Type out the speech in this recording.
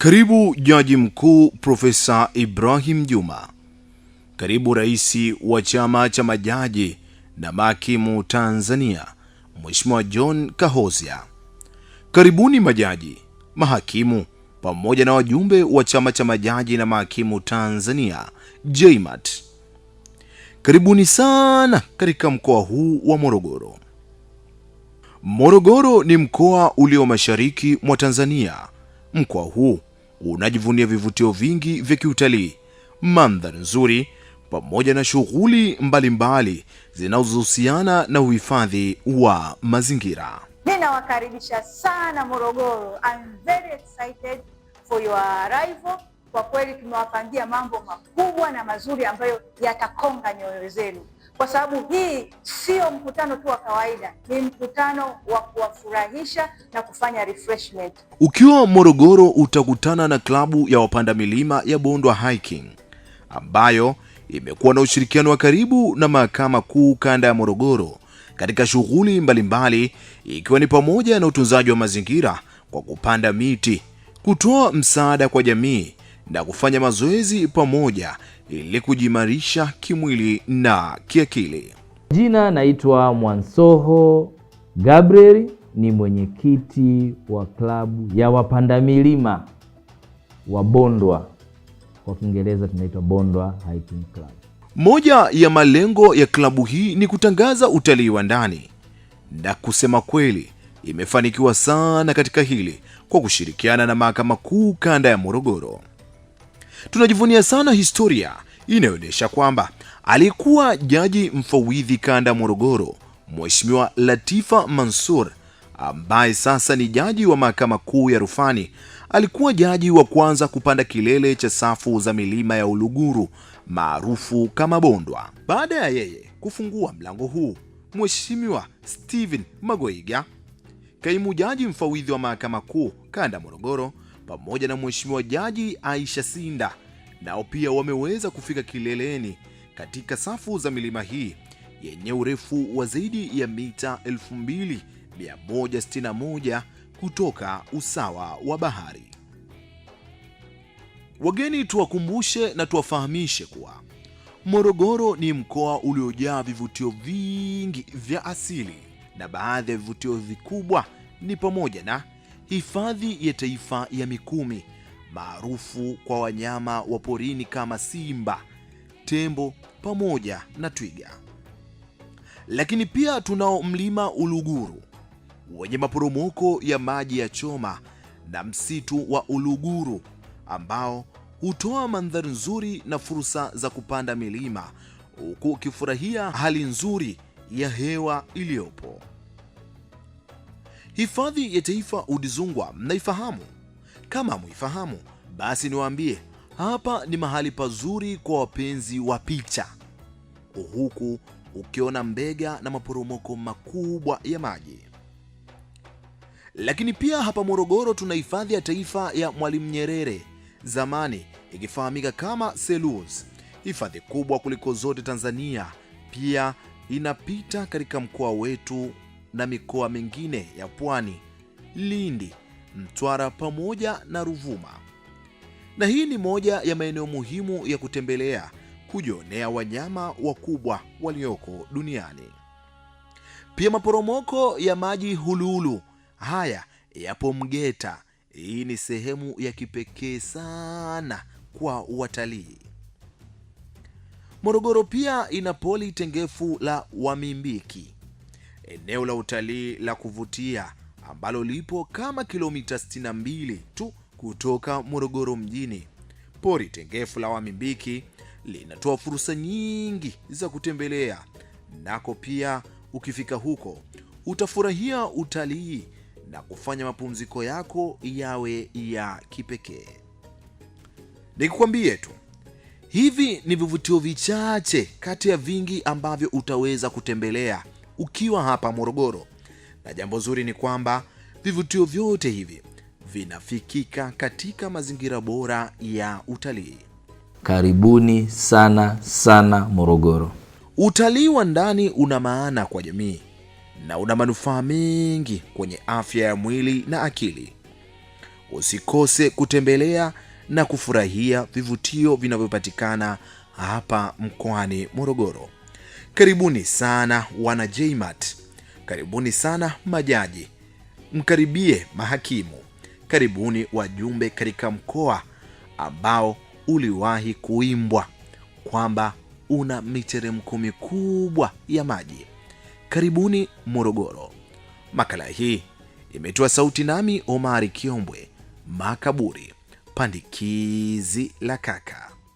Karibu Jaji Mkuu Profesa Ibrahim Juma. Karibu Rais wa Chama cha Majaji na Mahakimu Tanzania, Mheshimiwa John Kahozia. Karibuni majaji, mahakimu pamoja na wajumbe wa Chama cha Majaji na Mahakimu Tanzania, JMAT. Karibuni sana katika mkoa huu wa Morogoro. Morogoro ni mkoa ulio mashariki mwa Tanzania. Mkoa huu unajivunia vivutio vingi vya kiutalii, mandhari nzuri, pamoja na shughuli mbalimbali zinazohusiana na uhifadhi wa mazingira. Ninawakaribisha sana Morogoro. I'm very excited for your arrival. Kwa kweli tumewapangia mambo makubwa na mazuri ambayo yatakonga nyoyo zenu kwa sababu hii sio mkutano tu wa kawaida, ni mkutano wa kuwafurahisha na kufanya refreshment. Ukiwa Morogoro utakutana na klabu ya wapanda milima ya Bondwa Hiking ambayo imekuwa na ushirikiano wa karibu na Mahakama Kuu Kanda ya Morogoro katika shughuli mbalimbali ikiwa ni pamoja na utunzaji wa mazingira kwa kupanda miti, kutoa msaada kwa jamii na kufanya mazoezi pamoja ili kujimarisha kimwili na kiakili. Jina naitwa Mwansoho Gabriel, ni mwenyekiti wa klabu ya wapanda milima wa Bondwa, kwa Kiingereza tunaitwa Bondwa Hiking Club. Moja ya malengo ya klabu hii ni kutangaza utalii wa ndani, na kusema kweli imefanikiwa sana katika hili kwa kushirikiana na Mahakama Kuu Kanda ya Morogoro. Tunajivunia sana historia inayoonyesha kwamba alikuwa jaji mfawidhi kanda Morogoro, Mheshimiwa Latifa Mansur ambaye sasa ni jaji wa mahakama kuu ya rufani, alikuwa jaji wa kwanza kupanda kilele cha safu za milima ya Uluguru maarufu kama Bondwa. Baada ya yeye kufungua mlango huu, Mheshimiwa Steven Magoiga, kaimu jaji mfawidhi wa mahakama kuu kanda Morogoro pamoja na Mheshimiwa Jaji Aisha Sinda nao pia wameweza kufika kileleni katika safu za milima hii yenye urefu wa zaidi ya mita 2161 kutoka usawa wa bahari. Wageni, tuwakumbushe na tuwafahamishe kuwa Morogoro ni mkoa uliojaa vivutio vingi vya asili na baadhi ya vivutio vikubwa ni pamoja na Hifadhi ya Taifa ya Mikumi maarufu kwa wanyama wa porini kama simba, tembo pamoja na twiga. Lakini pia tunao mlima Uluguru wenye maporomoko ya maji ya Choma na msitu wa Uluguru ambao hutoa mandhari nzuri na fursa za kupanda milima huku ukifurahia hali nzuri ya hewa iliyopo. Hifadhi ya Taifa Udzungwa mnaifahamu? Kama muifahamu, basi niwaambie, hapa ni mahali pazuri kwa wapenzi wa picha, huku ukiona mbega na maporomoko makubwa ya maji. Lakini pia hapa Morogoro tuna hifadhi ya taifa ya Mwalimu Nyerere, zamani ikifahamika kama Selous, hifadhi kubwa kuliko zote Tanzania. Pia inapita katika mkoa wetu na mikoa mingine ya Pwani, Lindi, Mtwara pamoja na Ruvuma. Na hii ni moja ya maeneo muhimu ya kutembelea kujionea wanyama wakubwa walioko duniani. Pia maporomoko ya maji Hululu haya yapo Mgeta. Hii ni sehemu ya kipekee sana kwa watalii. Morogoro pia ina poli tengefu la Wamimbiki eneo la utalii la kuvutia ambalo lipo kama kilomita 62 tu kutoka Morogoro mjini. Pori tengefu la Wamimbiki linatoa fursa nyingi za kutembelea nako. Pia ukifika huko utafurahia utalii na kufanya mapumziko yako yawe ya kipekee. Nikikwambie tu hivi ni vivutio vichache kati ya vingi ambavyo utaweza kutembelea ukiwa hapa Morogoro. Na jambo zuri ni kwamba vivutio vyote hivi vinafikika katika mazingira bora ya utalii. Karibuni sana sana Morogoro. Utalii wa ndani una maana kwa jamii na una manufaa mengi kwenye afya ya mwili na akili. Usikose kutembelea na kufurahia vivutio vinavyopatikana hapa mkoani Morogoro. Karibuni sana wana JMAT, karibuni sana majaji, mkaribie mahakimu, karibuni wajumbe katika mkoa ambao uliwahi kuimbwa kwamba una miteremko mikubwa ya maji. Karibuni Morogoro. Makala hii imetoa sauti nami Omari Kiombwe Makaburi, pandikizi la kaka.